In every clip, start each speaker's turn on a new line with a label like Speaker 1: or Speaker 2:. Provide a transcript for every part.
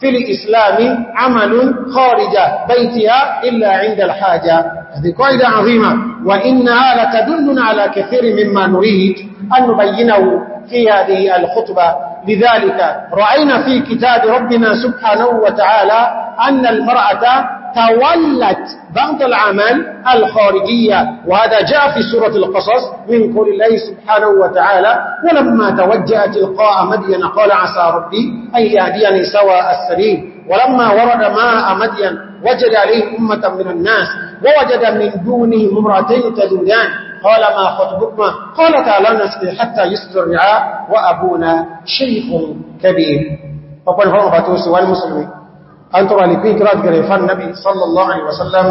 Speaker 1: في الإسلام عمل خارج بيتها إلا عند الحاجة هذه قائدة عظيمة وإنها لتدلنا على كثير مما نريد أن نبينه في هذه الخطبة لذلك رأينا في كتاب ربنا سبحانه وتعالى أن المرأة تولت بعض العمل الخارجية وهذا جاء في سورة القصص من قول الله سبحانه وتعالى ولما توجه تلقاء مدين قال عسى ربي أن يهديني سواء السليم ولما ورد ماء مدين وجد عليه أمة من الناس ووجد من دونه ممرتين تذودان قال ما خطبكما قالتا لا نسقي حتى يسجر رعاء وأبونا شيخ كبير فقال هو أبتوس والمسلمين an tọrọ alìpín kí láti gẹ̀rẹ̀ fán nabi sallallahu alaihi wasallam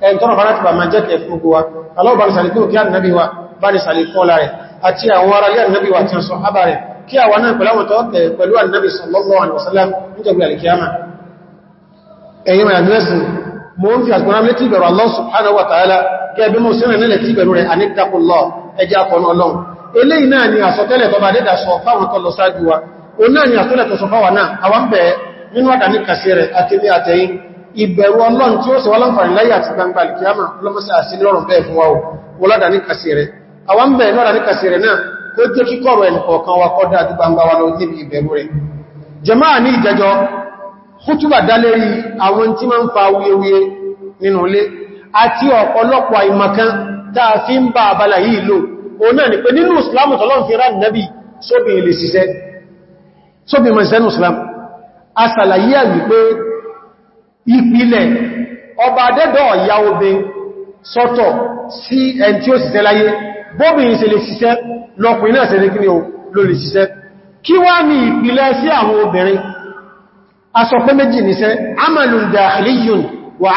Speaker 1: ẹn tọrọ fán láti bá ma jẹ́ kẹ fún gbogbo aláwọ̀ bá ní sàlìkún kí annabi wa bá ní sàlìkún láre àti àwọn ará lé annabi wa ti sọ hábà rẹ̀ kí àwọn náà pẹ̀lú àwọn tọ́ọ̀kẹ pẹ̀lú annabi sallallahu alaihi wasallam ní jẹ́ alìkíyàmà ẹ̀yìn mai adrẹ́sì mo ń fi àgbọ́nà létí ìbẹ̀rù Allah subhanahu wa ta'ala gẹ́bí mo sí rẹ̀ nílẹ̀ tí ìbẹ̀rù rẹ̀ anìtàkùnlọ́ ẹjẹ́ nínú àdàmí kàṣẹ rẹ̀ àti ní àtẹ̀yìn ìbẹ̀rù ọlọ́run tí ó sì wọ́n láǹfààní láyé àti gbangba alìkìyàmà lọ́mọ́sí àti lọ́rùn bẹ́ẹ̀ fún wa o wọ́lọ́dàní kàṣẹ rẹ̀ àwọn ń bẹ̀rẹ̀ lọ́dàní kàṣẹ rẹ̀ náà kó jẹ́ kíkọ̀rọ̀ ẹnìkọ̀ọ̀kan wa kọ́ dáa gbangba wa lọ níbi ìbẹ̀rù rẹ̀ jàmáà ní ìjẹjọ́ kútùbà ni pé nínú Islam tọ́lọ́n fi rán nẹ́bì sóbi ilé ṣiṣẹ́ sóbi mọ̀ ìṣẹ́ nínú asàlàyé ẹ̀ wípé ìpìlẹ̀ ọba dẹ́dọ̀ ọ̀yá obe sọ́tọ̀ sí ẹn tí ó ṣiṣẹ́ láyé bóbìnrin ṣe lè ṣiṣẹ́ lọ́kùnrin náà ṣe lè kíni o ló lè ṣiṣẹ́ kí wá ní ìpìlẹ̀ sí àwọn obìnrin asọ̀pẹ́ méjì níṣẹ́ amalun dakhiliyun wa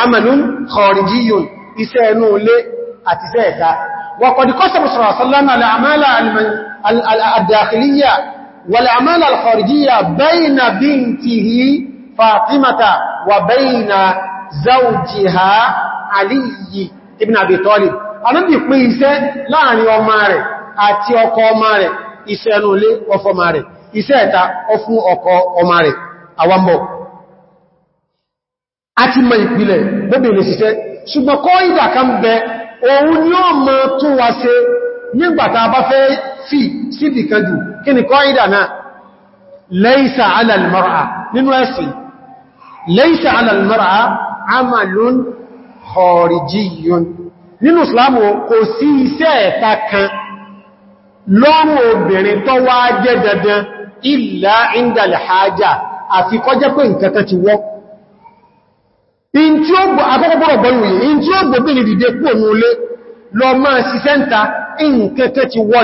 Speaker 1: والأعمال الخارجية بين بنته فاطمة وبين زوجها علي ابن أبي طالب anábì pín iṣẹ́ láàrin ọmọ rẹ̀ àti ọkọ ọmọ rẹ̀ iṣẹ́ ẹnu ilé ọfọmọ rẹ̀ iṣẹ́ ẹ̀ta ọfún ọkọ ọmọ rẹ̀ àwambọ̀. a ti kí ni kọ́ ìdànà laysa ala al-mar'a nínú ẹ̀sìn laysa ala al-mar'a amalun kharijiyyun nínú islamu kò sí iṣẹ́ ẹ̀ta kan lọ́rùn obìnrin tó wá jẹ́ dandan illa inda al-haja àfi kó jẹ́ pé nǹkan ti wọ́ in tí ó gbọ́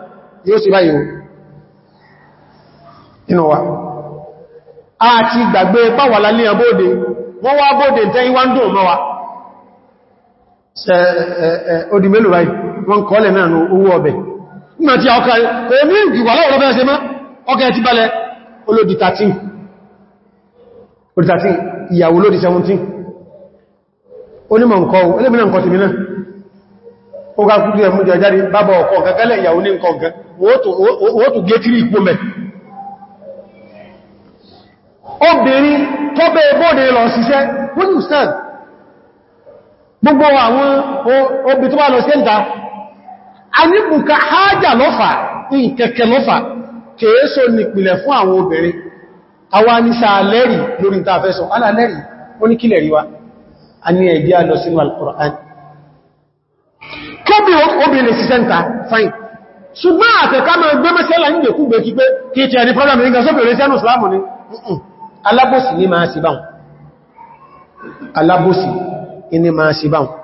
Speaker 1: yóò sì báyìí inú wa àti gbàgbé pàwàlá ní abóde wọ́n wá bóde tẹ́ ìwá ń dùn mọ́ wa odi mélòó báyìí wọ́n kọ́lẹ̀ náà owó ọbẹ̀ nígbàtí ọkà omi ìgbìwà lọ́wọ́ ti ó ká kúrò ẹmú jẹ jáde bábọ̀ ọkọ̀ gẹ́gẹ́lẹ̀ ìyàwó ní nǹkan gẹ́ ó tù gé tírí ìpó mẹ́ obìnrin tó bẹ́ bóde lọ síṣẹ́ wọ́n sàn gbogbo àwọn obì tó bá lọ sí ẹ̀ta a ní bùkà hájà lọ́fà ìkẹ̀kẹ̀ lọ́fà kèéso nìpìlẹ̀ fún àwọn obìnrin àwa ní sàálẹ́rì lórí ìtafẹ́sọ̀ ó ní kílẹ̀ ríwá a ní ẹ̀dí sínú al obìnrin sí sẹ́ntà fine ṣùgbọ́n àtẹ̀ká mẹ́rin gbé mẹ́sẹ́lá ní ìgbèkúgbè kí pé kí tí ẹni problem nígbà sóbìnrin sẹ́nù islamu ni alábòsí ní máa sí báhùn alábòsí ní máa sí báhùn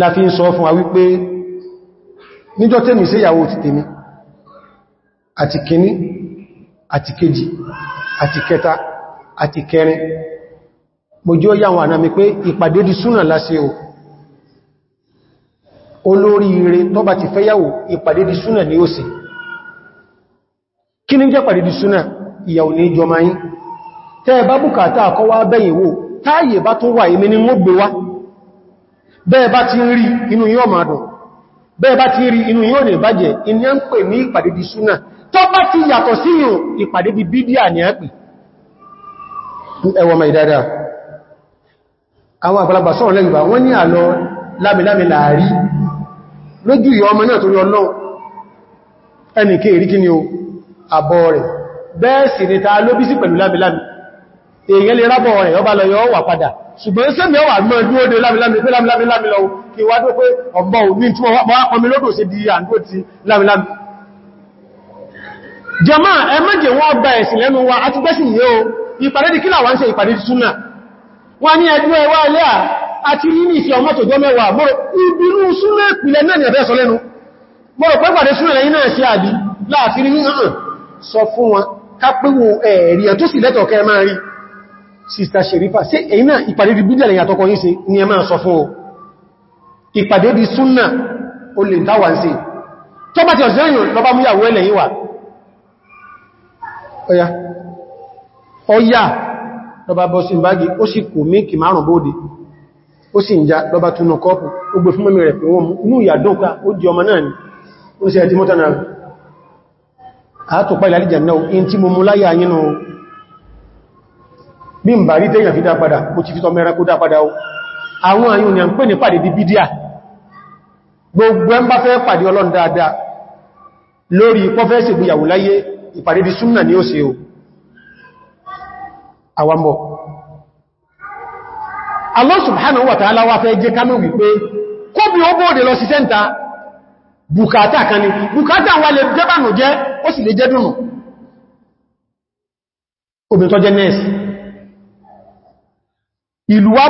Speaker 1: la fi ń sọ fún wa wípé níjọ́ tẹ́mi sí ìyàwó ti tèmi àti kìíní àti kejì àti kẹta àti kẹrin mojú ọyá àwọn ànàmì pé ìpàdé di súnà lásẹ̀ o olórí ire tó bá ti fẹ́yàwó ìpàdé di súnà ní ó sì kí ní jẹ́ pàdé di súnà ìyàwó ní ìjọmá yín tẹ́ bá bùkátà àkọwà bẹ́yìn wò táàyè bá tún wà èmi ni mo gbé wá bẹ́ẹ̀ bá ti rí inú yóò máa dùn bẹ́ẹ̀ bá ti rí inú yóò ní bàjẹ́ iní ń pè ní ìpàdé di súnà tó bá ti yàtọ̀ síyàn ìpàdé di bídíà ní àpì ẹwọ́mọ̀ ìdáadáa àwọn àgbàlagbà sọ̀rọ̀ lẹ́yìnbà wọ́n ní àlọ lámìlámì láàrí lójú ìyọ ọmọ náà torí ọlọ́ ẹnìké ìríkí ni o àbọ̀ rẹ̀ bẹ́ẹ̀ sì ni ta ló bí sí pẹ̀lú lámìlámì èèyàn lè rábọ̀ rẹ̀ ọba lọ yọ wà padà ṣùgbọ́n sẹ́mì ọwà mọ́ dúró de lámìlámì pé lámìlámì lọ kí wá tó pé ọgbọ́ ní tí wọ́n pọmi lódò gba ẹ̀sìn lẹ́nu wa àti gbẹ́sìn yìí ìpàdé di kí làwọn ń ṣe ìpàdé súnà wọ́n ní ẹgbẹ́ ẹwà alẹ́ àti nínú ìfẹ́ ọmọ tó jọ mẹ́wàá mọ́rọ̀ ìbínú súnmọ́ ìpìlẹ̀ náà ni ẹ̀fẹ́ sọ lẹ́nu mọ́rọ̀ pẹ́gbàdé súnmọ́ ẹ̀yìn náà sí àbí láàfin ní hàn sọ fún wọn kápẹ́wò ẹ̀rí ẹ̀ tó sì lẹ́tọ̀ kẹ́ máa rí Sister Sherifa sí ẹ̀yìn náà ìpàdé di bídẹ̀ lẹ́yìn àtọkọ yìí sí ni ẹ máa o ìpàdé di súnà o lè dáwà sí tó bá ti ọ̀sẹ̀ lọba bọ́sí bági ó sì kò mí kì márùn bóòdì ó sì ń já lọba túnú kọ́pù ó gbé fún mẹ́mí rẹ̀ pé wọ́n mú ìyàdókà ó di ọmọ náà ni ó sì ẹ̀dí mọ́ta náà àátòpá ìlàlìjà náà in tí mo mú láyà yínú bí n bà rí tẹ́yàn fi ni à di bídíà gbogbo ẹ ń bá fẹ́ pàdé ọlọ́run dáadáa lórí pọ́fẹ́sì ìgbéyàwó di súnnà ni ó àwambọ̀ Allah subhanahu wa ta'ala ta fẹ́ jẹ́ kánú wípé kó bí ó bóòdè lọ sí sẹ́ntà bukata kan ni bùkátà wà lè jẹ́bànú jẹ́ ó sì lè jẹ́ dùnù obìnrin jẹ́ nẹ́ẹ̀sì ìlú wá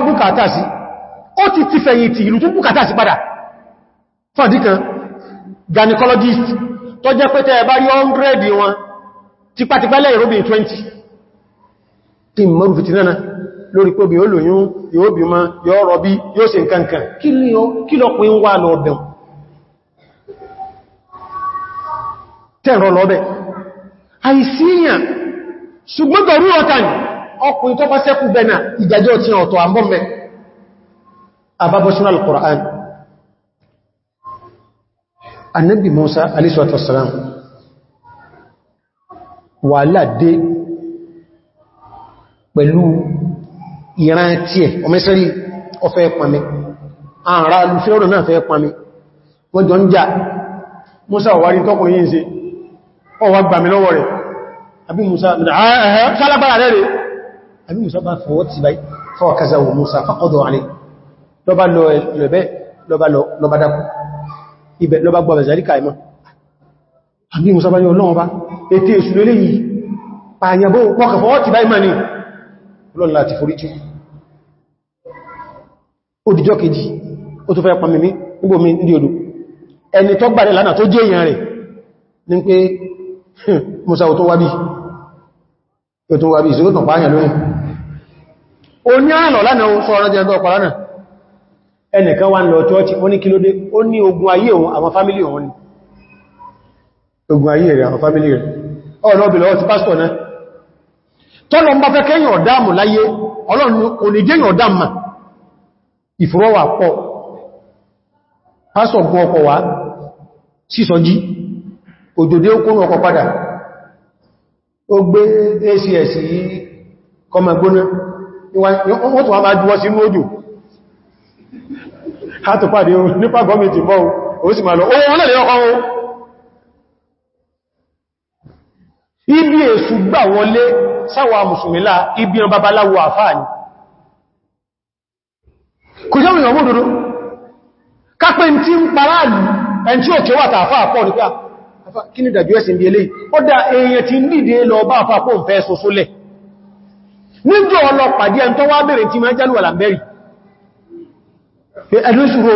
Speaker 1: ti ti fẹ̀yìntì ìlú tún bùkátà sí padà fọ́díkan gynecologist tó jẹ́ pete tẹ́ẹ̀ bá 100 wọn 20 kí n mọ́rù fìtì náà lórí pé bí olóyún yóò bí ma yóò rọ̀bí yóò ṣe nǹkankan kí lọ wà lọ tẹ́rọ lọ́bẹ̀ àìsíyàn ṣùgbọ́n tọrú ọ̀tà ọkùnrin tó sẹ́kù bẹ́nà ìjàjọ́ tí ọ̀tọ̀ àbọ́mẹ́ àbábọ́sínà pẹ̀lú ìran tí ẹ̀ ọmọ ìsẹ́rí ọfẹ́ pàmí ààrà alùfẹ́ọ̀rọ̀ náà fẹ́ pàmí wọ́n jọ ń jà Musa wárí tọ́kùnrin yìí se ọwà gbàmì lọ́wọ́ rẹ̀ àbí Musa sálábára rẹ̀ rẹ̀ àbí Musa bá fọwọ́ ti báyìí fọwọ́ kazawo Musa faqadu alẹ́ lọ́bá lọ ẹ̀lẹ́bẹ́ eh, lọ́bá dákù ibẹ̀ lọ́bá gbọ́bẹ̀ zaríkà ìmọ́ àbí Musa bá ní ọlọ́wọ́ bá ètè ìṣúlélé yìí ọlọ́run láti foríjì òdìjọ́ kejì ó tó fẹ́ pàmìmí nígbò mi ní odò ẹni tó gbà rẹ̀ lánà tó jẹ́ èèyàn rẹ̀ ní pé musa ò wábí ò wábí ìṣòro pàáyàn o ní àlọ́ lánàá sọ ọ̀rọ̀ jẹ́ ọkọ̀ lánàá ẹnìkan wá lọ chọ́ọ̀chì ó ní ogun ayé òun àwọn fámílì òun ni ogun ayé rẹ̀ tọ́lọ ń bá fẹ́ kẹ́yìn ọ̀dáàmù láyé ọlọ́run oníjẹ́yìn ọ̀dáàmù ìfúrọ́wà pọ̀ pásọ̀ gun ọkọ̀ wá sísọjí òjòdé okúnrù ọkọ̀ padà ó gbé acs kọmọ gbóná wọ́n tó wá máa juwọ́ sí mójò nípa gọ́mìtì bọ́ lọ ibi èṣù gbà wọlé sáwà mùsùlùmílá ibi ọmọ babaláwo àfáà ni kò jẹ́ òyìnbó dúdú kápẹ́ tí ń pará lù ẹn tí ó kẹwà tààfà pọ̀ ní pé ah, kí ni dàjú ẹ̀sìn bí ilé ó dá èèyàn ti nídé lọ bá àfà pọ̀ ń fẹ́ soso lẹ̀ níjọ ọlọ́pàdé ẹn tó wá bèèrè tí máa jálù àlàmbẹ́rì ẹlúṣùrò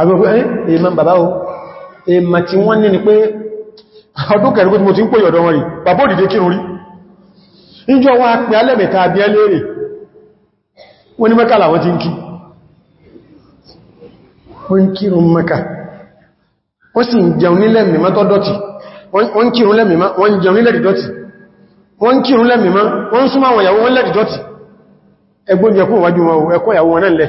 Speaker 1: agbẹ̀gbẹ̀ eh, ẹ̀mọ̀ bàbá o èmà ma wọ́n ní ni pé ọdún kẹrìkú tí mo ti ń pè ọ̀dọ̀ wọn rí bàbá òdìdé kírun rí ìjọ wá pẹ alẹ́mẹ̀ta àbí ẹlẹ́rẹ̀ wọ́n ní mẹ́kà ti wọ́n sì ń jẹun ní lẹ́mìmá tó dọ̀tí wọ́n kírun lẹ́mìmá wọ́n jẹun ní lẹ́dì dọ̀tí wọ́n kírun lẹ́mìmá wọ́n súnmọ́ àwọn ìyàwó wọn lẹ́dì dọ̀tí ẹgbọ́n jẹ́kùn wájú wọn ẹkọ́ ìyàwó wọn náà lẹ́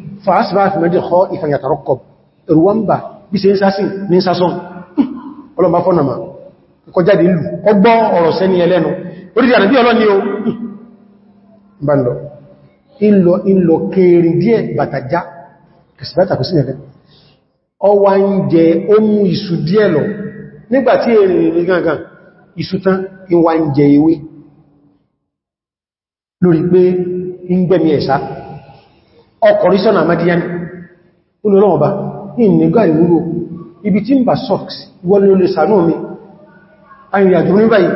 Speaker 1: fàásìbá fi mẹ́jì kọ́ ìfàyàtàrọ́kọ̀ ìrùwọ́mbà bí se ń sásìn ní sásán ọlọ́mbà fọ́nàmà kọjáde ìlú ọgbọ́ ọ̀rọ̀ sẹ́ni ẹlẹ́nu orílẹ̀ àrẹ́bí ọlọ́ni o bandọ̀ ìlọ ìlọ kèrì díẹ̀ bàtàjá kìsìbátà kò sí ẹ̀lẹ́ ọwà ń jẹ omu ìsù díẹ̀ lọ nígbàtí ń gbẹ̀mí ẹ̀sá ọkọ̀rí sọ́nà àmàdíyàn olùrànwọ̀bá ìnìgbà ìwúrò ibi tí ń bà socks wọ́n lè sàánú omi ayìnrìnàjò ní báyìí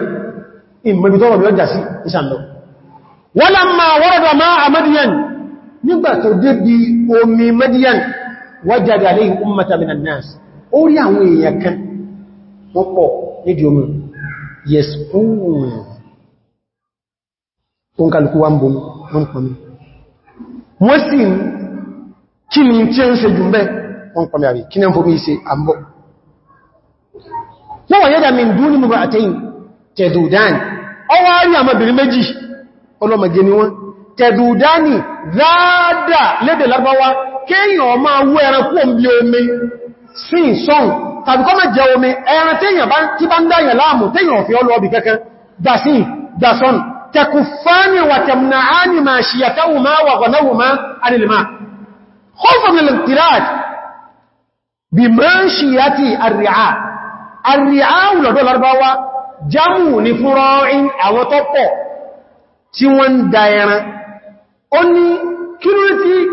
Speaker 1: ìmọ̀bí tọ́rọ̀ bí ọjà sí ìsànlọ wọ́n lá máa wọ́rọ̀dọ̀ máa àmàdíyàn nígbà tó dé bí omi madiyan wọ́n kàlùkú wá ń bomi wọ́n pọ̀ mi wọ́n sì ń kí ni tí ó ń ṣe jùmbẹ́ wọn pàmì àrí kí ní ń fòmí ìṣe àmbọ̀. wọ́n wà yẹ́dà min dúnì mú bá àtẹ́yìn tẹ̀dùdáni ọwọ́ rí àmọ́bìnrin méjì ọlọ́mọ̀gẹ́ ni wọ́n tẹ̀dùdáni dáadà lédè Lárúbáwá kéèyàn máa wú ẹranko omi omi sí ìsọ́n tàbí kọ́ mẹ́ jẹ omi ẹran tí bá ń dáyàn láàmù téèyàn fi ọlọ́ọ̀bì kẹ́kẹ́ dà sí تكفان وتمنعان ماشيتهما وغنوما عن الماء خوفا من الانقراض بماشية الرعاء الرعاء لدو الأرباوة جمو نفراع أو طبو تيوان دائرة أني كيلو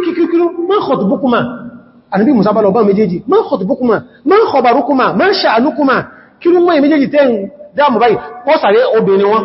Speaker 1: كيلو كيلو ما خطبكما النبي موسى بالأبا مجيجي ما خطبكما ما خبركما ما شأنكما كيلو ما مجيجي تين dáàmù báyìí wọ́n sàré obìnrin wọn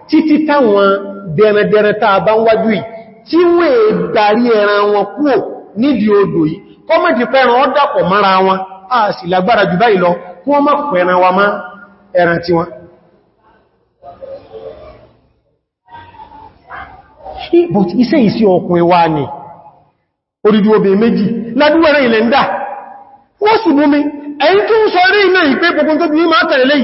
Speaker 1: títí táwọn dẹ̀rẹ̀dẹ̀rẹ̀ tàà bá ń wájú yìí tí wọ́n è darí ẹran wọn kúò nídi odò yìí kọ́ mẹ́jì pẹ́ran ọ dàpọ̀ mọ́ra wọn a sì lágbára jù báyìí lọ kí wọ́n pẹ̀ran wa má ẹran tí wọn but iṣẹ́ ìsí ọkùnrin wa ni orídú obè méjì ládúwẹ̀rẹ̀ ilẹ̀ ń dà wọ́n sì mú mi ẹ̀yìn tó ń sọ eré ilẹ̀ ìpé gbogbo tó bí i máa tẹ̀lé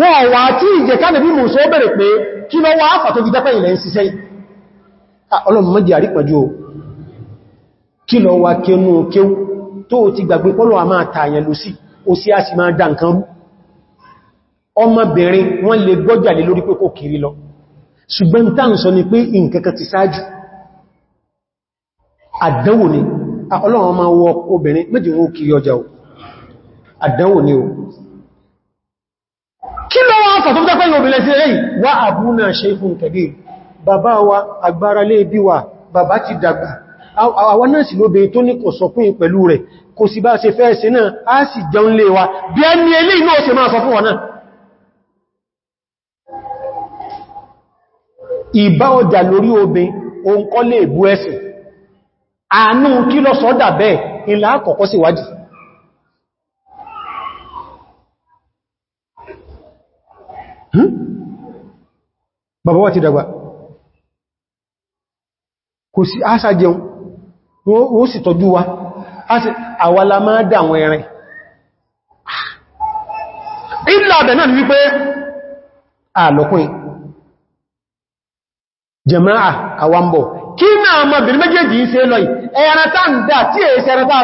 Speaker 1: wọ́n wà tí ìjẹ kánàbí mú sọ bẹ̀rẹ̀ pé kí lọ wá fà fi dápẹ́ ilẹ̀ ìsìsẹ́ ah, ọlọ́run mọ́jì kí lọ wá kénú kéw tó ti gbàgbé pọ́lọ̀ àmá àtàyàn ló sí ó sí á sì máa dá nǹkan rú ọmọbìnrin wọ́n lè gbọ́jà lé lórí pé kiri lọ ṣùgbọ́n tá ń sọ ni pé nǹkankan ti àdánwò ni ah, ọlọ́run fà tó jẹ́ pé obìnrin sí rẹ̀ wá àbúnà shaykhun kabir bàbá wa agbára lé bí wa bàbá ti dàgbà àwọn náà sì lóbe tó ní kò sọkún pẹ̀lú rẹ̀ kò sì bá ṣe fẹ́ ṣe náà á sì jẹun lé wa bí a ní inú ọ̀sẹ̀ máa sọ fún wọn náà ìbá ọjà lórí Hmm? bàbá wà ti dàgbà kò sí Asaje, jẹun ó sì tọ́jú wa àwàlá máa dà àwọn ẹ̀rẹ̀ ìlà àbẹ̀ náà ni wípé àlọ́kùnrin jẹ̀máà àwambọ̀ kí náà mọ̀ bìnrin méjèèjì ń ṣe lọ yìí tá ń dà tí èsẹ̀ tá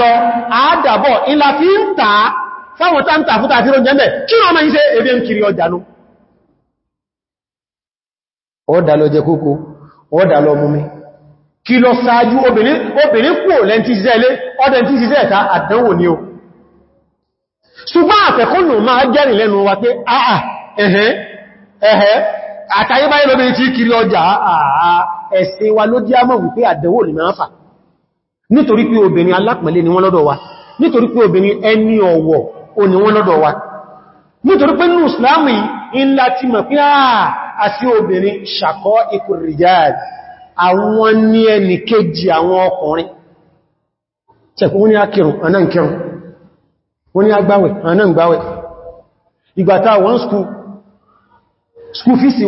Speaker 1: lọ fi táwọn táǹtà fúta àti rọ́n jẹ́mẹ̀ kí wọ́n máa ń ṣe ebé ń kiri ọjà nú ọ̀dà lọ jẹ kókó ọ̀dà lọ mú kí lọ sáájú obìnrin kú lẹ́ntí ṣiṣẹ́ ilé ọdẹ̀ tí ṣiṣẹ́ ẹ̀ta àdánwò ni o ṣùgbọ́n àfẹ́kúnnù máa jẹ́rìn lẹ́nu wa pé àà ẹ̀hẹ́ ẹ̀hẹ́ àtayébáyé lóbìnrin tí kiri ọjà àà ẹ̀sìn wa ló dí á mọ̀ wípé àdánwò ni máa fà nítorí pé obìnrin alápẹ̀lẹ́ ni wọ́n lọ́dọ̀ wa nítorí pé obìnrin ẹni ọ̀wọ̀ o ni wọ́n lọ́dọ̀ wa nítorí pé ní ìsìláàmù ìlà ti mọ̀ pé àti ah, obìnrin ṣàkọ́ ikú rijal àwọn ní ẹni kéjì àwọn ọkùnrin tẹ̀kù wọ́n ni a kírùn àná ń kírùn wọ́n ni a gbáwẹ̀ àná ń gbáwẹ̀ ìgbàta wọ́n skú fíìsì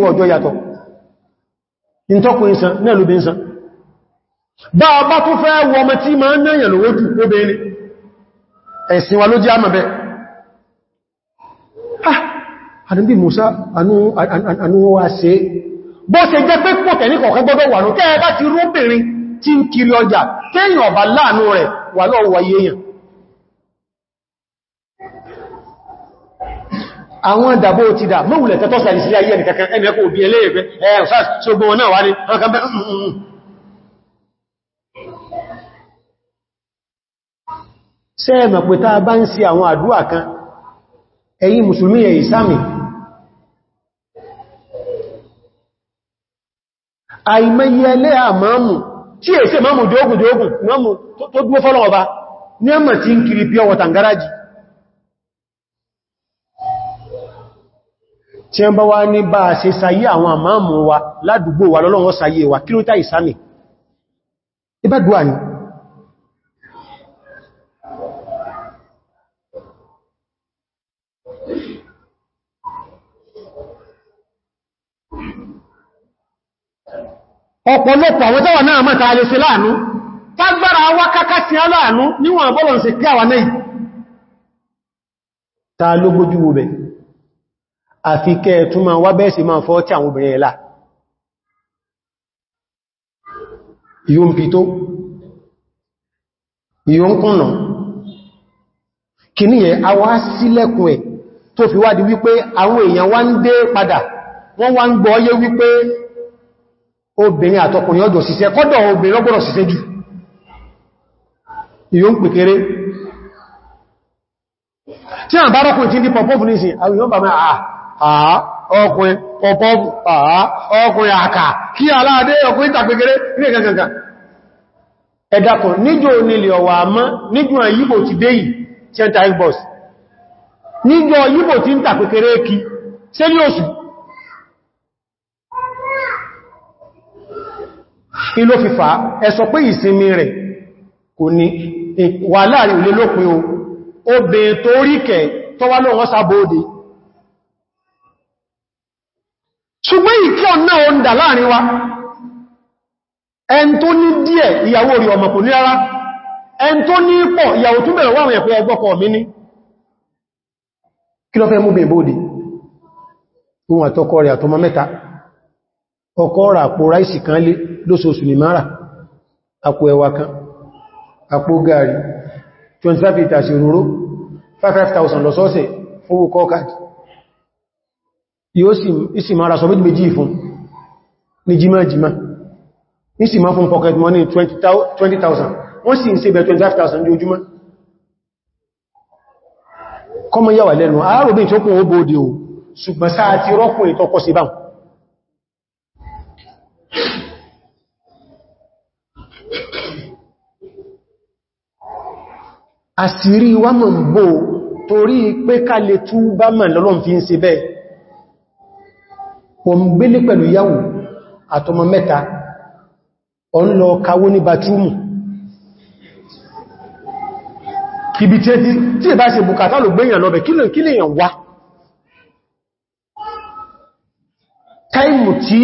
Speaker 1: bá ọba tó fẹ́ wọ́n mẹ́ tí ma ń náyàn lówó jù obìnrin ẹ̀sìn wa ló jẹ́ àmàbẹ̀ àdúgbì Musa ànúwà ṣe bó se jẹ́ pé pò tẹ̀ ní kọ̀ọ̀kan gbọ́dọ̀ wà náà tẹ́ẹ̀ láti rúbìnrin tí ń kiri ọjà tẹ́yìn ọ̀bá láàánú rẹ̀ wà lọ́wọ́ wáyé èèyàn àwọn ìdàbò ti dà mọ́wùlẹ̀ tẹ́tọ́ sàrì sí ayé ẹni kankan ẹni ẹkùn òbí ẹlẹ́ẹ̀ẹ́ ẹ̀ẹ́ sáàsì pẹ̀ta bá ń ṣe àwọn àdúwà kan ẹ̀yin mùsùlùmí ẹ̀yìn sáàmì àìmẹ́yẹlẹ́ àmọ́mù tí èsẹ́ mọ́mù dógùn dógùn mọ́mù tó dúó fọ́lọ̀ ọba ní ọmọ tí ń kiri pí ọwọ̀ tàngáràjì tí si bá wá ní bá ṣe sayé àwọn àmọ́mù wa ládùgbò wa lọ́lọ́wọ́ sayé wa ọ̀pọ̀lọpọ̀ àwọn tọ́wà náà mọ́ta alẹ́ sí láàánú tágbára wá káká sí aláàánú níwọ̀n bọ́lọ̀ sí kí àwà náà ta ló gbójú wobẹ̀ àfi kẹ́ tún ma wá bẹ́ẹ̀ sí fọ́ tí àwọn obìnrin ẹ̀lá wọ́n obìnrin àtọkùnrin ọjọ́ síṣẹ́ kọ́dọ̀ obìnrin ọgbọ́rọ̀ síṣẹ́ jù ìyó ń tí a bá rọ́kùnrin tí ń dí ní ìsìn àwọn ìyọ́bà mẹ́ àà ọkùnrin pọ̀pọ́fù ah, àkà kí aláàdé ọkùnrin ìtàpẹ̀kẹ́rẹ́ ní ẹ̀kẹ́kẹ́kẹ́ iló fífà ẹsọ pé ìsinmi rẹ̀ kò ní wà láàrin ilé lópin o obè tó ríkẹ̀ tó wá lóòrán sábóòdì ṣùgbọ́n ìkẹ́ ọ̀nà o ń dà láàrin wa ẹn tó ní díẹ̀ ìyàwó rí ọmọ kò ní rárá ẹn tó ní pọ̀ ìyàwó tún bẹ̀rẹ̀ wáwọn ẹ̀pẹ́ ọgbọ́kọ̀ àpò ráìsì kan lé lóṣooṣù ni mara àpò ẹwà kan àpò gààrí 25 litres ìrúró 5,000 lọ́sọ́ọ̀sẹ̀ fówó kọ́kàtí yóò sì mara sọ méjì méjì fún ní jímájímá ní sì máa fún pocket money 20,000 wọ́n sì ń ṣe bẹ̀ 25,000 lójúmọ́ kọmọ yàwà lẹ́nu àárò bí ìtọ́kùn ó bóòdì ò ṣùgbọ́n sáà ti rọ́kùn ìtọ́kọ́ sí báhùn àṣírí wa mọ̀ ń gbò torí pé ká lè tún bá mọ̀ lọ́lọ́n fi ń ṣe bẹ́ẹ̀ wọ́n gbélé pẹ̀lú yàwó àtọmọ mẹ́ta ọ ń lọ kawó ní batúmù ibi tí tí ìbá ṣe bùkátà ló gbéyàn lọ́bẹ̀ kí lè yàn wá táìmù tí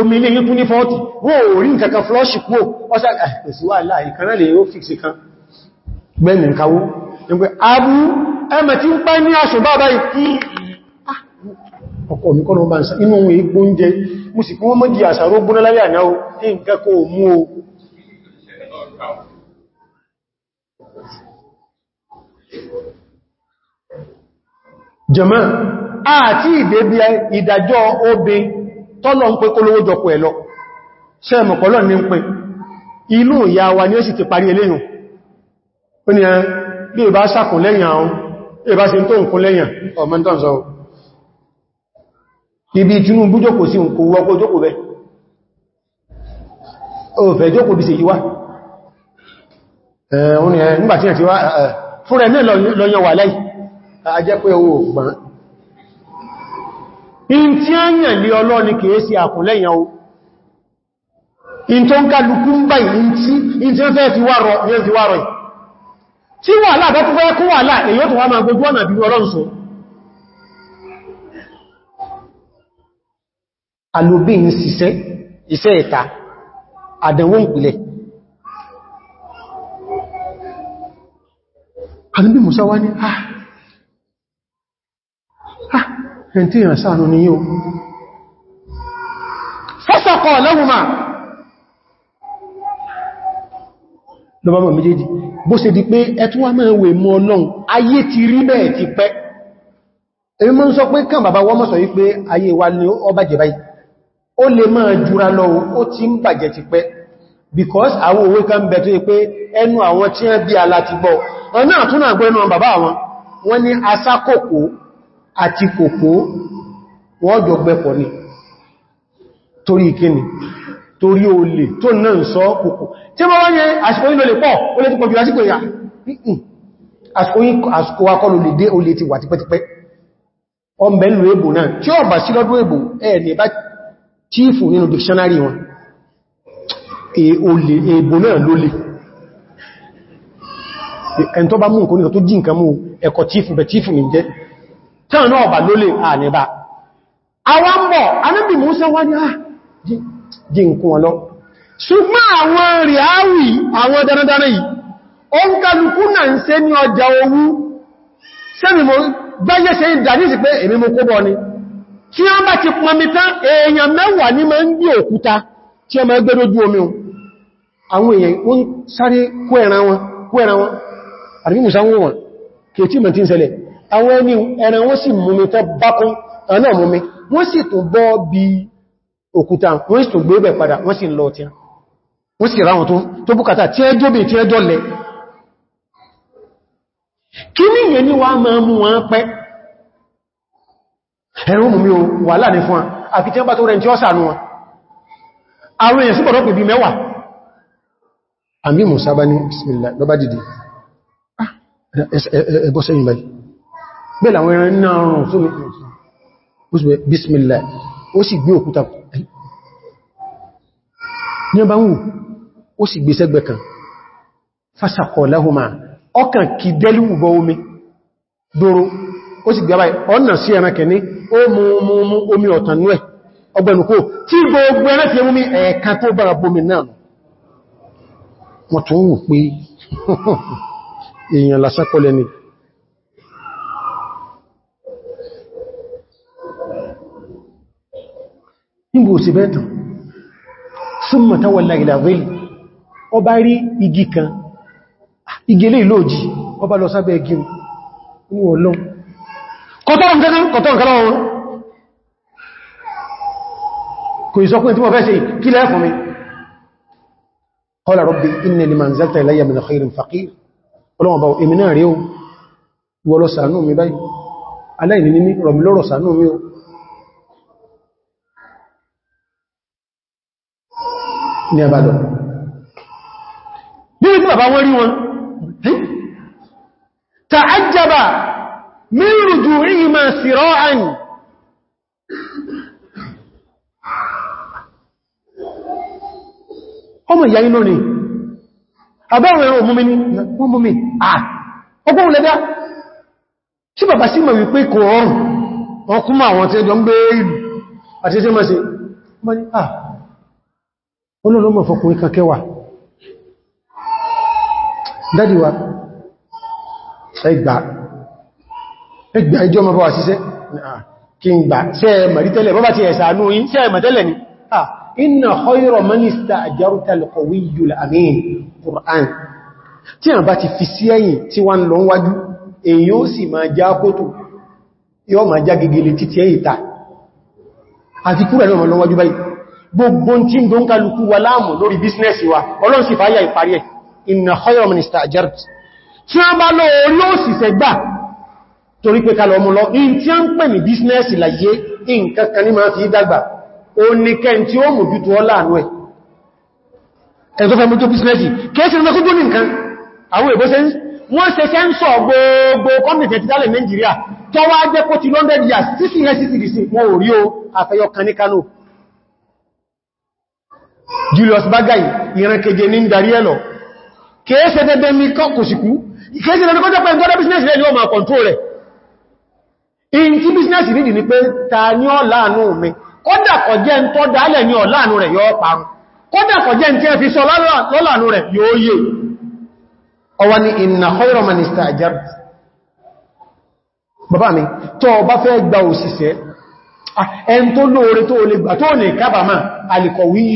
Speaker 1: omi ilé yíkú ní fọ́ọ̀tì wọ́n ò rí nǹkankan flọ́ṣì pò ọ́sá ẹ̀síwà ah, láà ìkanáà lè yóò fìksì kan mẹ́rin kawó nígbé abu ẹmẹ̀ tí ń pẹ́ ní aṣò bàbá ìkí ah, ọkọ̀ mìkọ́nà bá ń sá inú ohun ègbó ń jẹ mú sì fún mọ́dí àṣàró gbóná láyé àná o ní mú o jẹ́mọ́ àti ìdàjọ́ obin tọ́lọ ń pẹ́ ó ní ẹn bí ìbá sàkùn lẹ́yìn àwọn ìbá sí tó nǹkan lẹ́yìn ọmọ tán sọ ibi Tinubu jókòó sí nǹkó wọ́pọ̀ jókòó ni ẹn nígbàtí ẹ̀ ti wá fún rẹ̀ náà lọ́yọ wà láì ajẹ́ pé owó ògbọ̀n in tí a ń yàn lé ń báyìí in tí wọ́n fẹ́ fi wárọ̀ tí wàhálà bá tó fẹ́ kún wàhálà èyí ó tó wá máa gbogbo ọ̀nà bí ọlọ́nso alóbí ń ṣiṣẹ́ iṣẹ́ ìta àdẹ̀wò ìpìlẹ̀ alóbí musa wá ní ah, ah ẹ̀ntí ìrìnsáànù ni yóò fọ́sọ̀kọ̀ lẹ́wùmáà lọ́bàmà méjèèjì bó ṣe di pé ẹtún wá máa wè mọ́ ọlọ́run ayé ti rí bẹ́ẹ̀ ti pẹ́ èyí mọ́ ń sọ pé kàn bàbá wọ́n mọ́ sọ wípé ayé wa ni ó bàjẹ́ báyìí ó lè máa jura lọ ó ti ń bàjẹ́ ti pẹ́ because àwọn òwe kan bẹ̀ tó yí pé ẹnu àwọn tí wọ́n bí ala ti bọ̀ ọ̀nà àtúnà gbẹ́nu bàbá wọn wọ́n ní asákòkó àti kòkó wọ́n jọ gbẹ́pọ̀ ni torí ìkíni torí olè tó náà ń sọ kòkó tí wọ́n wọ́n yẹ àsìkò yìí ló lè pọ̀ ó lè ti pọ̀jù lásìkò ìyà àsìkò akọlù lè dé olè ti wà tipẹ́tipẹ́ ọmọbẹ̀ lò èbò náà tí ó bà sí lọ́dún èbò ẹ̀ẹ̀ni bá tíìfù nínú dictionary wọn èbò náà ló lè ẹn tó bá mú nǹkan tó jí nǹkan mú ẹ̀kọ́ tíìfù bẹ̀ tíìfù ní jẹ́ tán náà bà ló ṣùgbọ́n àwọn rìáwì àwọn dandandarí o ń kàlùkú na ń ṣe ní ọjà owó sẹ́mìmọ̀ gbáyé ṣe ìdà ní ìsìnkú èmi mú kóbọ̀ ni tí wọ́n bá ti pọn mi tán èèyàn mẹ́wàá ní ma ń gbé òkúta tí ọmọ ẹgbẹ́ lójú omi wọn o àwọn wọ́n sì tún bọ́ wọ́n sì ráwọn tó búkàtà tí ẹ jóbe tí ẹ jọlẹ̀ kí ní ìyẹn ní wá máa mú wọn pẹ́ ẹ̀rùn mú mi o wà láàrin fún wọn tí wọ́n bá tó rẹ̀ tí ó sàánú wọn àwọn èèyàn sípọ̀ rọ́pù bí mẹ́wàá bismillah lọ́bá dìde ah, ẹgbọ́ sẹ́yìn báyìí bẹ́ẹ̀ làwọn ẹran náà rùn fún bismillah ó sì gbé òkúta ní ọba wù ó sì gbé sẹ́gbẹ̀ kan fásakọ̀ láhùmá ọkàn kì dẹ́lúwù bọ omi dóró ó sì gbábáyì ọ̀nà sí ẹrankẹ̀ ní ó mú mú mú omi ọ̀tàn ní ẹ̀ ọgbẹ̀nukó tí gbogbo ẹ̀rẹ́ fi mú ẹ̀ẹ̀kan tó bára bomi náà wọ́n tó sí bẹ́ẹ̀tàn súnmọ̀ tán wọ́n láìlà ríl ọba rí igi kan igele ìlòjì ọba lọ sábẹ́ igi ní ọlọ́n kọtọ́rùn kankan kọtọ́rùn kankan wọn kò ìsọkún tí wọ́n fẹ́ ṣe kí lẹ́ fún mi qala rabbi inna liman zalta ilayya min khairin faqir ọlọ́wọ̀n bá èmi ní àbádọ̀ bí i tí bàbá wọ́n rí wọn ta'ajjaba min ruju'ihima sira'an ọmọ ìyá inú ni àbáwọn ẹ̀rọ mú mi ní wọ́n mú mi àà ọgbọ́n lẹ́dá tí bàbá sí mọ̀ wípé kò rọrùn ọkún àwọn tí ẹjọ ń gbé ìlú àti ẹsẹ́ mọ́ olóòlọ́mọ̀ fọkùnrin kan kẹwàá dádìwá ẹgbà ẹgbà ìjọ ọmọ bá wà síṣẹ́ kí n gbà ṣe ẹ̀mọ̀rí tẹ́lẹ̀ bọ́bá ti ẹ̀sà anú yí ṣe ẹ̀mọ̀ tẹ́lẹ̀ ni inna khayra man ista'jarta al-qawiyyul amin Qur'an tí a bá ti fi sí ẹ̀yìn tí wọ́n lọ wájú èyí ó sì máa já gbogbo tí ń dún kálukú wa láàmù lórí bísínẹ́sì wa ọlọ́run sì fàáyà ìparí ẹ̀ inna khayra man ista'jart tí wọ́n bá lọ orí òsìsẹ̀ gbà torí pé kalọ̀ ọmọ lọ in tí a ń pè ní bísínẹ́sì láyé nǹkankan ní máa fi dàgbà ó ní kẹ́n tí ó mójútó ọlá àánú ẹ̀ ẹ̀ tó fẹ́ mójútó bísínẹ́sì kéèsì rẹ̀ kúgbó nìkan àwọn èbó sẹ́ wọ́n ṣe sẹ́ńsọ̀ gbogbo kọ́mìtẹ̀ ti dálẹ̀ Nàìjíríà tọ́wọ́ ò rí o àfẹ́yọ kan ní Kano Julius Bagai ìran keje ní darí ẹ̀lọ kèése dẹ́dẹ́ ní kọkùsìkú kèése dẹ́dẹ́ kọjọ́ pẹ̀lú tọ́dá bísínẹ̀sì rẹ̀ ni ó máa kọ̀ntó rẹ̀ in tí bísínẹ̀sì rí ní pé ta ní ọ̀láàánú mi kódà kọjẹ́ ń tọ́ dálẹ̀ ní ọ̀láàánú rẹ̀ yóò parun kódà kọjẹ́ mi tó bá fẹ́ gba òṣìṣẹ́ ah, ẹn tó lóore tó lè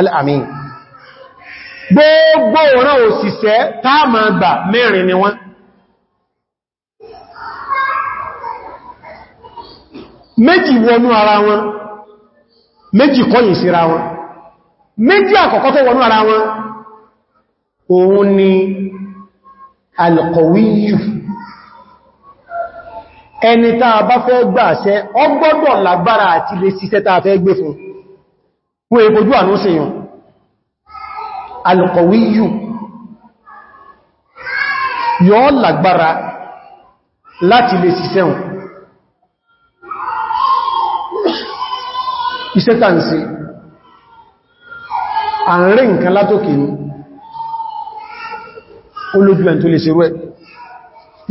Speaker 1: al-amin gbogbo ọ̀ràn òṣìṣẹ́ táà máa gbà mẹ́rin ni wọ́n méjì wọnú ara wọn méjì kọ̀yìn síra wọn méjì àkọ́kọ́ tó wọnú ara wọn òun ni alkọ̀wíyù ẹni tàà bá fẹ́ gbà ṣẹ́ ọgbọ́dọ̀ lágbára àti lè ṣiṣẹ́ tàà fẹ́ gbé fún wọ́n èkó jú àánú sí yàn alqawiyyu yóò lágbára láti lè ṣiṣẹ́ wọn iṣẹ́ tàǹsí a ń rí nǹkan látòkè ní olójúwẹ̀n tó lè ṣe rẹ̀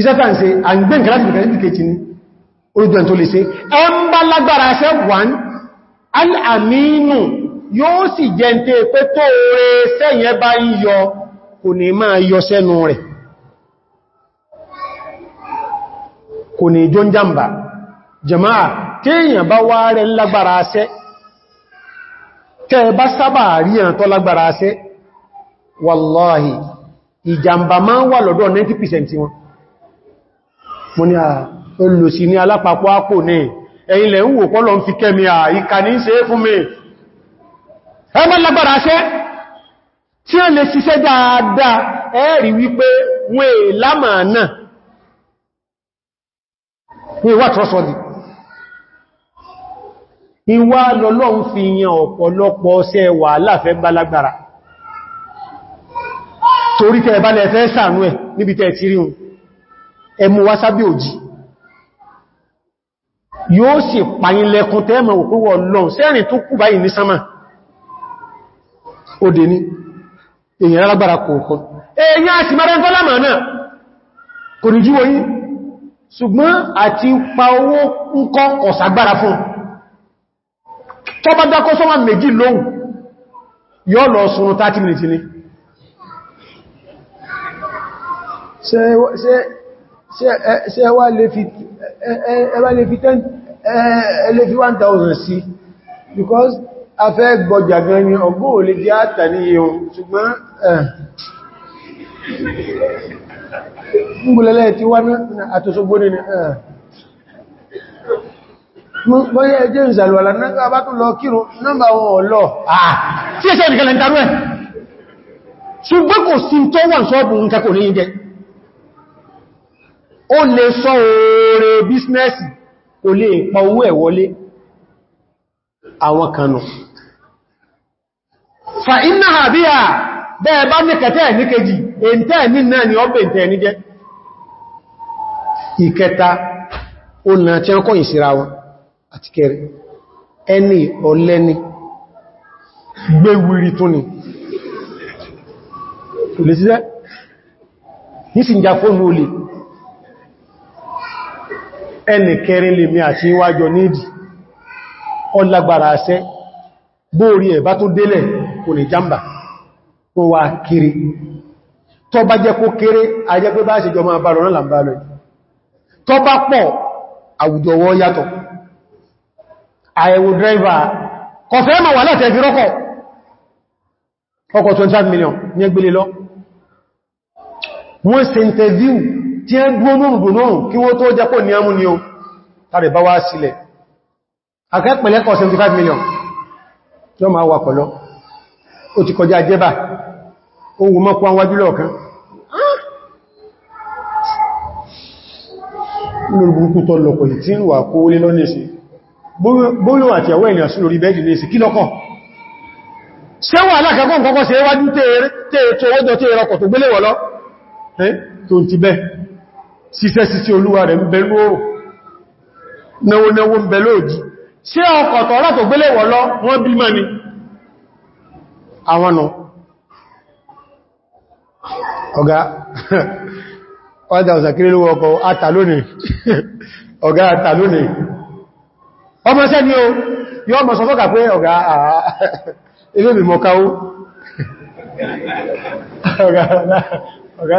Speaker 1: iṣẹ́ tàǹsí à ń gbé nǹkan láti bẹ̀rẹ̀ ìdíkejì ní olójúwẹ̀n tó lè ṣe ẹ ń bá lágbára ṣẹ́ wọ́n al-aminu yóò sì jẹ́ ń tẹ́ pé tó rẹ sẹ́yẹn bá ń yọ kò ní máa yọ sẹ́nu rẹ̀ kò ní jọ ń jàmbá jama'a tí èyàn bá wá rẹ̀ lágbára asẹ́ tẹ́ bá sábà rí ẹ̀ tó lágbára asẹ́ wallahi ìjàmbá máa wà lọ́dọ̀ 90% wọn mo ní à olùsí ní alápapọ̀ àpò ní ẹ̀yìnlẹ̀ ń wò pọ́lọ̀ ń fi kẹ́mi à ìkà ní ṣe é fún mi ẹmọ́ lágbára ṣẹ́ tí ó lè ṣiṣẹ́ dáadáa ẹ̀rí wípé wọ́n è lámà náà ní ìwà trọ́sọ́dì ìwà lọ́lọ́un fi yan ọ̀pọ̀lọpọ̀ ṣẹ́ wà láfẹ́ bá lágbára torí tẹ́ bá lẹ́fẹ́ sàánú ẹ̀ níbi tẹ́ ti rí ẹmú wá sábí òjì yóò sì pàyínlẹ̀kùn tẹ́ẹ̀mọ̀ òkúwọ̀ lọ́n sẹ́rìn tó kú báyìí ní sánmà ó dé ní èyàn alágbára kọ̀ọ̀kan èyàn àti mẹ́rẹ́ tọ́lámà náà kò ní jíwọ yí ṣùgbọ́n àti pa owó ń kọ́ ọ̀sàgbára fún tó bá dákọ́ sọ́mà méjì lóhùn yọ́ lọ sùn 30 minutes ni ṣe wá lè fi 1000 sí because afẹ́ gbọjà gan ni ọgbọ́ ò lè jẹ́ àtà ní ihun ṣùgbọ́n ẹ̀ẹ̀ tí wá náà àtòṣogbó ní ẹ̀ẹ̀ bọ́yẹ́ ẹjẹ́ ìṣàlùwàlà náà bá tún lọ kírun nọ́mbà wọn ọ̀lọ́ àà tí ẹ̀ṣẹ́ ìdíkẹ̀lẹ̀ ń tarú ẹ̀ ṣùgbọ́n kò sí pa owó ẹ̀ wọlé àwọn kanù fa iná àbí à bẹ́ẹ̀ bá ní ní kejì èntẹ́ ní náà ni ọbẹ̀ ìntẹ́ ní jẹ́ ìkẹta ọ̀nà tí ó kọ́yìn síra wọn àti kẹrì ẹni ọlẹ́ni gbéwìrì tó ni lè nísìnjá fóònù olè ẹni kẹrin lè mi àti ìwájọ nídìí ọlágbàrà bóòrí kò ní jàmbá wọ́n wá kiri tó bá jẹ́ kó kéré ajẹ́ pé bá ṣe jọ máa bára náà làmbá lọ tó bá pọ̀ àwùjọ wọ́ yàtọ̀ àyẹ̀wò dráìvà kọfẹ́ ma wà láti ẹ̀fì rọ́kọ̀ ọkọ̀ 25 million ní ẹgbẹ̀lẹ̀ lọ wọ́n ṣe interview tí ẹ dúó lóòrùn kí wọ́n tó jẹ́pọ̀ ní amú ni o tàbí bá wá sílẹ̀ akẹ́pẹ̀lẹ́kọ̀ 75 million yọ ma wà pọ̀lọ́ ó ti kọjá jẹba ohun mọ́kún àwájú lọ́ọ̀kan lórí burúkú tọ́ lọ́kọ̀ tí ń wà kó lé lọ́nìsí bóòlù àti àwọ́ ènìyàn sí lórí bẹ́ẹ̀dì lẹ́sì kí lọ́kọ̀ ṣe wà alákàkọ́ kọ́kọ́ sí ẹwájú tẹ́ẹ̀tọ́ ọjọ́ tẹ́ẹ̀rọ ọkọ̀ tó gbélé wọ́lọ́ tó ti bẹ́ síṣẹ́ sí sí olúwa rẹ̀ ń bẹ lóòrùn àwọn ọ̀gá ọ̀dá òsàkiri lówó ọkọ̀ àtàlónì ọ̀gá àtàlónì ọmọ ṣẹ́ ni ó ọmọ mọ̀ pé ọ̀gá ilé mi mọ̀ ọ̀gá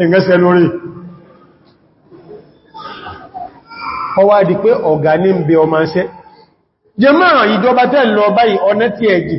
Speaker 1: ẹ̀ngẹ́sẹ̀ lórí ọwá di pé ọ̀gá ní ń bẹ ọmọ ṣẹ́ jẹ máa ìjọba tẹ́ lọ báyìí ọ̀nà ẹ̀jì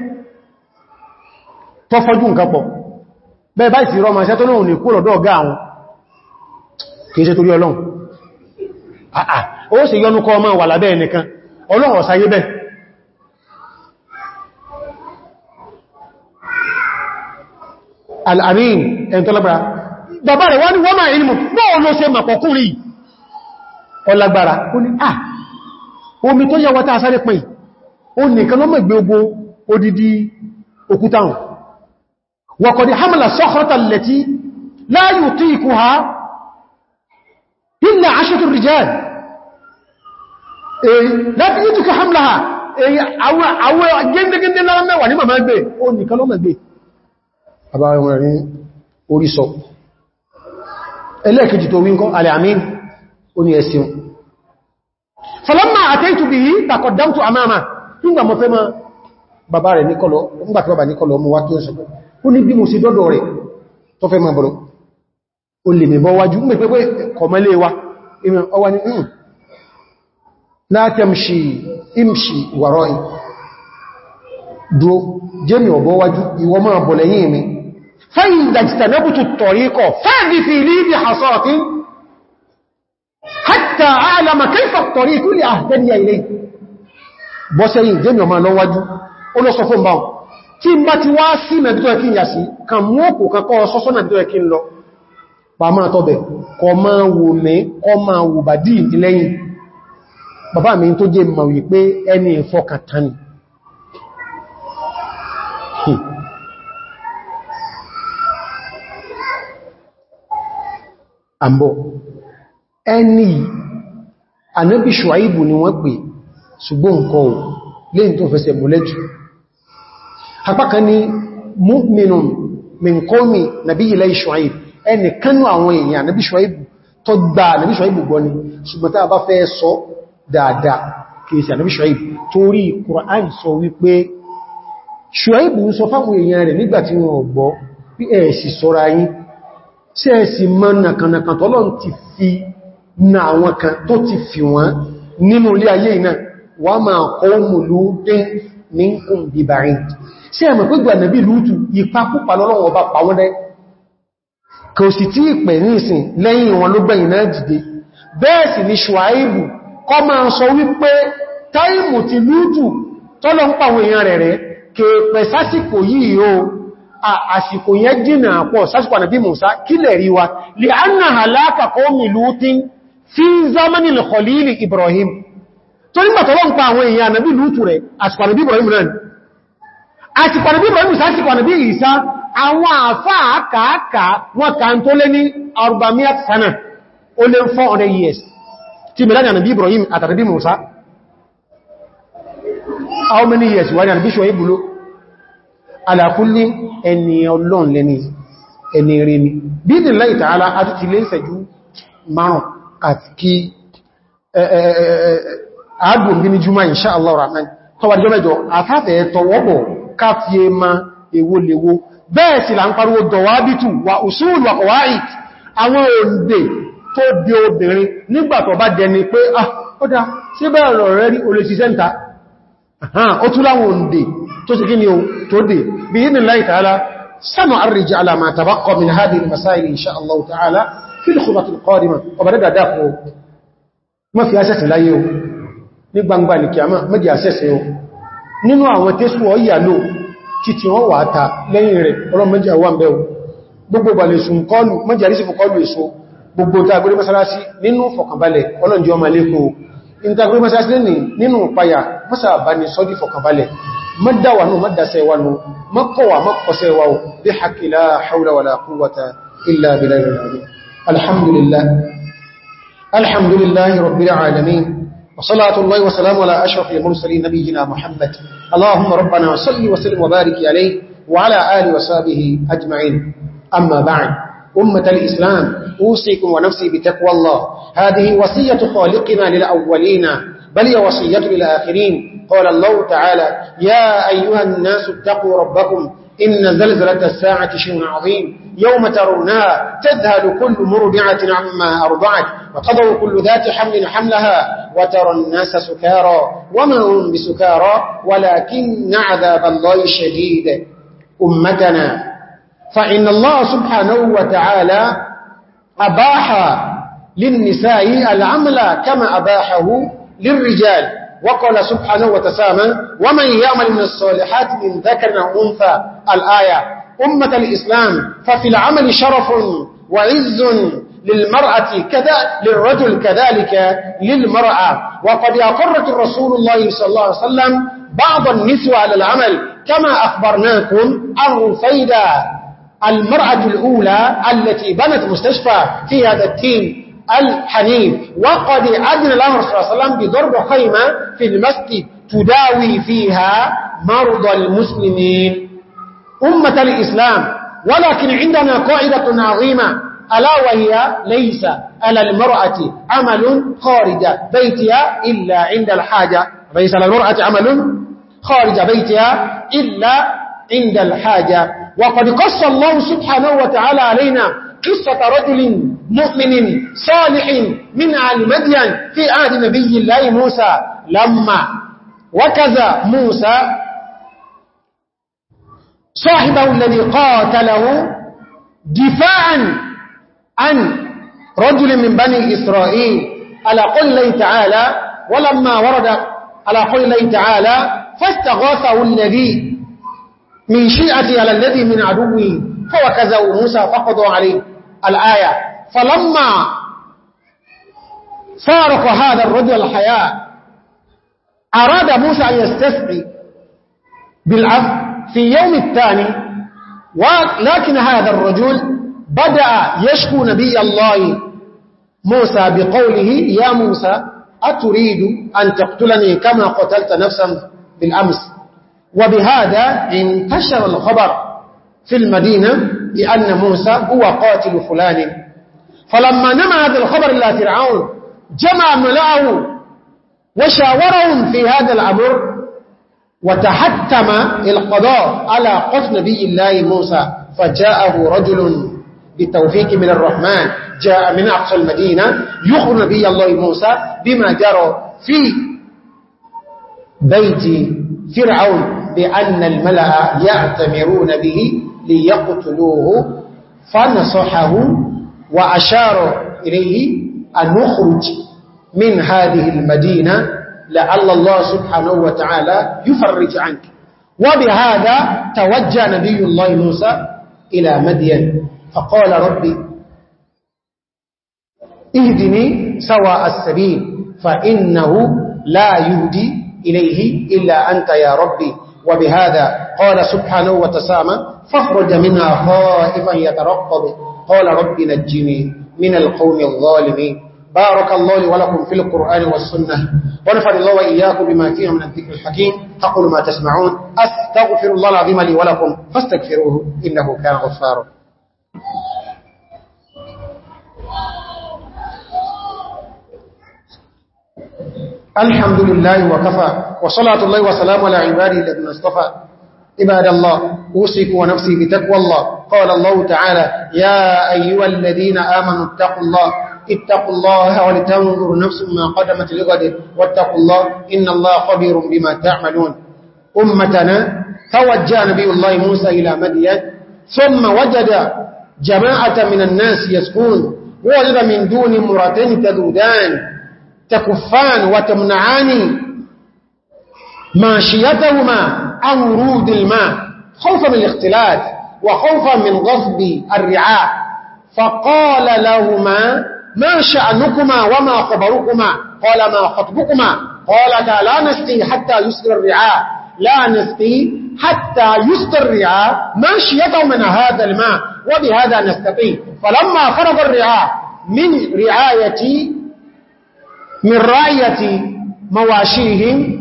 Speaker 1: tó fọ́jú nǹkan pọ̀ bẹ́ẹ̀ báyìí ti rọ ma ṣe tó náà ní kúrò lọ́dọ̀ ọ̀gá àwọn kìí ṣe torí ọlọ́run àà ó sì yọnu kọ ọmọ wà lábẹ́ ẹnìkan ọlọ́run ọ̀sáyé bẹ́ẹ̀ al'amin ẹni tó lágbára bàbá rẹ̀ wọ́n ni wọ́n máa odidi òkútàun وقد حمل الصخرة التي لا يطيقها إلا عشرة الرجال لا تيجك حملها àwọn gẹ́gẹ́gẹ́ lára mẹ́wàá ní màmá gbé o nìkan ló mẹ́gbé àbára wọn rí orí sọ ẹlẹ́ẹ̀kejì tó wíńkọ́ alẹ́àmín o ní ẹ̀sìn falamma àtẹ́ìtù bí takọ̀dáútù àmáàmà nígbà mọ́fẹ́ ma bàbá rẹ̀ níkọlọ ó ní bí mo ṣe dọ́dọ̀ rẹ̀ tó fẹ́ máa bọ̀rọ̀ o lè mẹ́bọ́ wájú mẹ́pẹ́pẹ́ kọmọlé wa ọwá ni ń hmm, látẹ̀mṣì imṣì wàrọ̀ ì dúó jẹ́mì ọ̀bọ̀ wájú ìwọ máa bọ̀ lẹ́yìn mi fẹ́yìn dàjítànẹ́bùtù tọ̀ríkọ̀ fẹ́ẹ̀dì fi líbi àsọ́ọ̀tí hátà àlàmà kẹfà bọ́sẹ̀yìn jẹ́mì ọmọ lọ́wájú ó lọ́sọ fún báwọn tí n bá ti wá sí mẹ́bí tó ẹ̀kí ìyà sí kan mú òkú kankọ́ sọ́sọ́ mẹ́bí tó ẹ̀kí ń lọ pa máa tọ́bẹ̀ kọ máa wò mẹ́ kọ máa wò bà dí ìdílẹ́yìn bàbá mi tó jẹ mọ̀ wípé ẹni ìfọkàntani hmm. àmbọ̀ ẹni ànábì Ṣuaibu ni wọ́n pè ṣùgbọ́n nǹkan lẹ́yìn tó fẹsẹ̀ mọ́lẹ́jù apákan ni mu'minun min qawmi nàbí ilẹ̀ Shu'aib ẹni kánú àwọn èèyàn nàbí Shu'aib tó gbà nàbí Shu'aib gbọ́ ni ṣùgbọ́n tàbá fẹ́ sọ dáadáa kìí sí nàbí Shu'aib torí Kùránì sọ wípé Shu'aib ń sọ fáwọn èèyàn rẹ̀ nígbà tí wọ́n gbọ́ bí ẹ̀ẹ̀sì sọ́ra yín sí ẹ̀ẹ̀sì mọ́ nàkànàkàn tọ́lọ́n ti fi sí ẹ̀mọ̀ pé gbà nàbí lúútù ìpapúpa lọ́lọ́wọ́ ọba pàwọn rẹ̀ kò sì tí ìpẹ̀ ní ìsìn lẹ́yìn wọn ló gbẹ̀yìn náà dìde bẹ́ẹ̀ sì ni ṣùáìbù kọ́ máa sọ wípé táìmù ti lúútù tọ́lọ ń pàwọn èèyàn rẹ̀ rẹ̀ kèèpẹ̀ sásìkò yìí o àsìkò yẹn jìnà pọ̀ sásìkò ànàbí Mùsá kílẹ̀ rí khalili Ibrahim tó nígbàtọ̀lọ́ ń pa àwọn èèyàn ànàbí lúútù rẹ̀ àsìkò ànàbí Ibrahim náà àsìkò nàbí mọ̀lú sásìkò nàbí ìsá àwọn àfá àkàákà wọn kà ń tó lé ní arbamiyat sana ó lé 400 years tí mẹ́lá how many years wà ní àbí ṣe ìbúlò alákúnlé ẹni ọlọ́n lẹ́ni ẹni rí ni bí i nílá ìtàhálà àti ti lé ìṣẹ́jú márùn àti àádùn bí ní jùmọ́ insha Allah rahman tọwàdíjọ́ mẹ́jọ àfáfẹ́ tọwọ́bọ̀ káfí ẹmà ewóléwó bẹ́ẹ̀ sì là ń pariwo dọ̀wábítù wà òṣùlù àkọwáìt àwọn òǹdè tó bí obìnrin nígbàtọ̀ bá dẹni pé ah ó dá sí bẹ́ẹ̀ lọ rẹ̀ rí olè sí sẹ́ntà ó tún láwọn òǹdè tó sì kíni tó dè bí i nìlá ìtàlá sánà àríjì alàmà tàbákọ̀ min hadi masáìlì inṣà Allah ta'ala fil khutbatil qadima ọba ní gbangba ní kìyàmá mẹ́jì asẹ́sì ó nínú àwọn tésù ọ̀yà lò kí tí wọ́n wà ta lẹ́yìn rẹ̀ ọlọ́ mẹ́jà wà mẹ́wò gbogbo balẹ̀ sùn kọlù mẹ́jà rí sí fún kọlù èso gbogbo tagbórí mẹ́sàrásí nínú fọ̀kànbalẹ̀ ọlọ́njẹ́ ọmọ lẹ́kọ́ ìntagbórí mẹ́sàrásí nínú payà mọ́sàbáni sọ́dí fọ̀kànbalẹ̀ mọ́dáwànú mọ́dásẹ̀wànú mọ́kọ̀wà mọ́kọ̀sẹ̀wà bí hakila haula wala quwwata illa billahi alhamdulillah alhamdulillahi rabbil alamin وصلاة الله وسلام على أشرف المرسلين نبينا محمد اللهم ربنا صل وسلم وبارك عليه وعلى آل وسابه أجمعين أما بعد أمة الإسلام أوصيكم ونفسي بتقوى الله هذه وصية خالقنا للأولين بل هي وصية للآخرين قال الله تعالى يا أيها الناس اتقوا ربكم إن زلزلة الساعة شيء عظيم يوم ترونها تذهل كل مرضعة عما أرضعت وتضع كل ذات حمل حملها وترى الناس سكارى وما هم بسكارى ولكن عذاب الله شديد أمتنا فإن الله سبحانه وتعالى أباح للنساء العمل كما أباحه للرجال وقال سبحانه وتسامى ومن يعمل من الصالحات من ذكر أو أنثى الآية أمة الإسلام ففي العمل شرف وعز للمرأة كذا للرجل كذلك للمرأة وقد أقرت الرسول الله صلى الله عليه وسلم بعض النسوة على العمل كما أخبرناكم الرفيدة رفيدة المرأة الأولى التي بنت مستشفى في هذا التيم الحنيف وقد أذن الأمر صلى الله عليه وسلم بضرب خيمة في المسجد تداوي فيها مرضى المسلمين أمة الإسلام ولكن عندنا قاعدة عظيمة ألا وهي ليس على المرأة عمل خارج بيتها إلا عند الحاجة ليس على المرأة عمل خارج بيتها إلا عند الحاجة وقد قص الله سبحانه وتعالى علينا قصة رجل مؤمن صالح من آل مدين في عهد نبي الله موسى لما وكذا موسى صاحبه الذي قاتله دفاعا عن رجل من بني إسرائيل على قول الله تعالى ولما ورد على قول الله تعالى فاستغاثه الذي من شيئة على الذي من عدوه فوكزه موسى فقضوا عليه الآية فلما فارق هذا الرجل الحياء أراد موسى أن يستسقي بالعف في يوم الثاني ولكن هذا الرجل بدأ يشكو نبي الله موسى بقوله يا موسى أتريد أن تقتلني كما قتلت نفسا بالأمس وبهذا انتشر الخبر في المدينة بأن موسى هو قاتل فلان فلما نمى هذا الخبر إلى فرعون جمع ملأه وشاورهم في هذا الأمر وتحتم القضاء على قف نبي الله موسى فجاءه رجل بالتوفيق من الرحمن جاء من أقصى المدينة يخبر نبي الله موسى بما جرى في بيت فرعون بأن الملأ يأتمرون به ليقتلوه فنصحه وأشار إليه أن نخرج من هذه المدينة لعل الله سبحانه وتعالى يفرج عنك وبهذا توجه نبي الله موسى إلى مدين فقال ربي اهدني سواء السبيل فإنه لا يهدي إليه إلا أنت يا ربي وبهذا قال سبحانه وتسامى فاخرج منها خائفا يترقب قال رب نجني من القوم الظالمين بارك الله لي ولكم في القرآن والسنة ونفر الله وإياكم بما فيها من الذكر الحكيم تقول ما تسمعون أستغفر الله العظيم لي ولكم فاستغفروه إنه كان غفارا الحمد لله وكفى وصلاة الله وسلام على عباده الذين اصطفى عباد الله اوصيكم ونفسي بتقوى الله قال الله تعالى يا أيها الذين آمنوا اتقوا الله اتقوا الله ولتنظر نفس ما قدمت لغد واتقوا الله إن الله خبير بما تعملون أمتنا توجه نبي الله موسى إلى مدين ثم وجد جماعة من الناس يسكون وجد من دون مرتين تذودان تكفان وتمنعان ماشيتهما أو ورود الماء خوفا من الاختلاط وخوفا من غصب الرعاء فقال لهما ما شأنكما وما خبركما قال ما خطبكما قال لا نسقي حتى يسر الرعاء لا نسقي حتى يسر الرعاء ماشيته من هذا الماء وبهذا نستقي فلما فرض الرعاء من رعاية من رعاية مواشيهم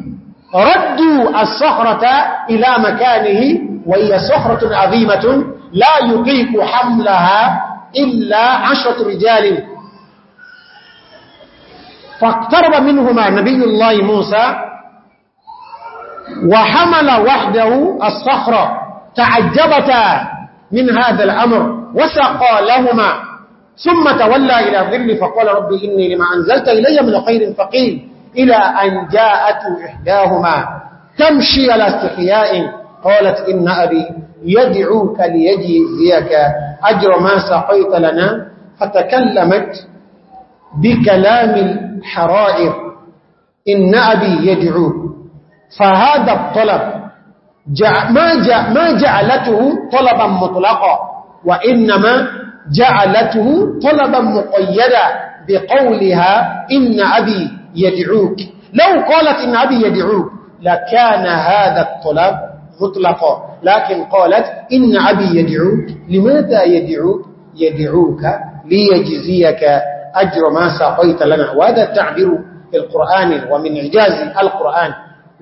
Speaker 1: ردوا الصخرة إلى مكانه وهي صخرة عظيمة لا يقيق حملها إلا عشرة رجال فاقترب منهما نبي الله موسى وحمل وحده الصخرة تعجبتا من هذا الأمر وسقى لهما ثم تولى إلى ظل فقال ربي إني لما أنزلت إلي من خير فقيل إلى أن جاءته إحداهما تمشي على استحياء قالت إن أبي يدعوك ليجزيك أجر ما سقيت لنا فتكلمت بكلام الحرائر إن أبي يدعوك فهذا الطلب جع ما, جع ما جعلته طلبا مطلقا وإنما جعلته طلبا مقيدا بقولها إن أبي يدعوك لو قالت إن أبي يدعوك لكان هذا الطلب مطلقا لكن قالت إن أبي يدعوك لماذا يدعوك يدعوك ليجزيك أجر ما سقيت لنا وهذا التعبير القرآن ومن عجاز القرآن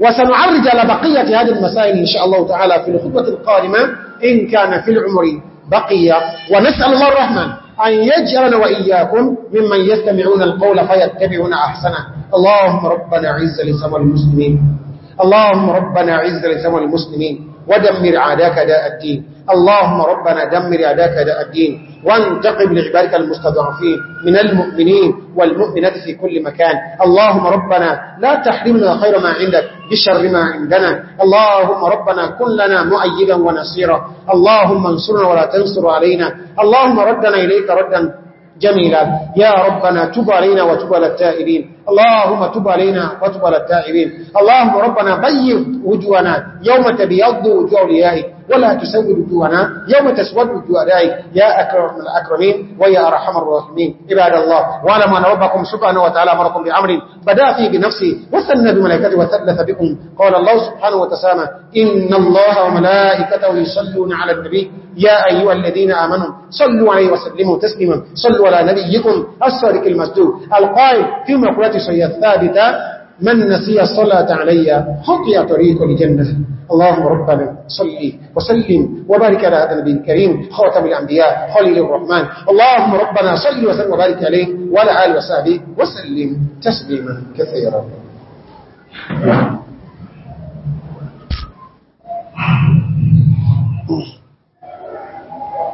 Speaker 1: وسنعرج على بقية هذه المسائل إن شاء الله تعالى في الخطوة القادمة إن كان في العمر بقية ونسأل الله الرحمن أن يجعلنا وإياكم ممن يستمعون القول فيتبعون أحسنه اللهم ربنا عز لسوى المسلمين اللهم ربنا عز لسوى المسلمين ودمر عاداك داء الدين اللهم ربنا دمر عاداك داء الدين وانتقم لعبادك المستضعفين من المؤمنين والمؤمنات في كل مكان اللهم ربنا لا تحرمنا خير ما عندك بشر ما عندنا اللهم ربنا كن لنا مؤيدا ونصيرا اللهم انصرنا ولا تنصر علينا اللهم ردنا إليك ردا جميلا يا ربنا تب علينا وتب على التائبين اللهم تب علينا وتب على التائبين اللهم ربنا بيض وجوهنا يوم تبيض وجوه ليائك ولا تسود وجوهنا يوم تسود وجوه يا أكرم الأكرمين ويا أرحم الراحمين عباد الله وعلم أن ربكم سبحانه وتعالى أمركم بأمر بدا فيه بنفسه وثنى بملائكته وثلث بكم قال الله سبحانه وتسامى إن الله وملائكته يصلون على النبي يا أيها الذين آمنوا صلوا عليه وسلموا تسليما صلوا على نبيكم السارك المسدود القائل في مقولة شيء ثابتة من نسي الصلاة علي خطي طريق الجنة اللهم ربنا صلي وسلم وبارك على هذا النبي الكريم خاتم الأنبياء خليل الرحمن اللهم ربنا صلي وسلم وبارك عليه وعلى آله وصحبه وسلم تسليما كثيرا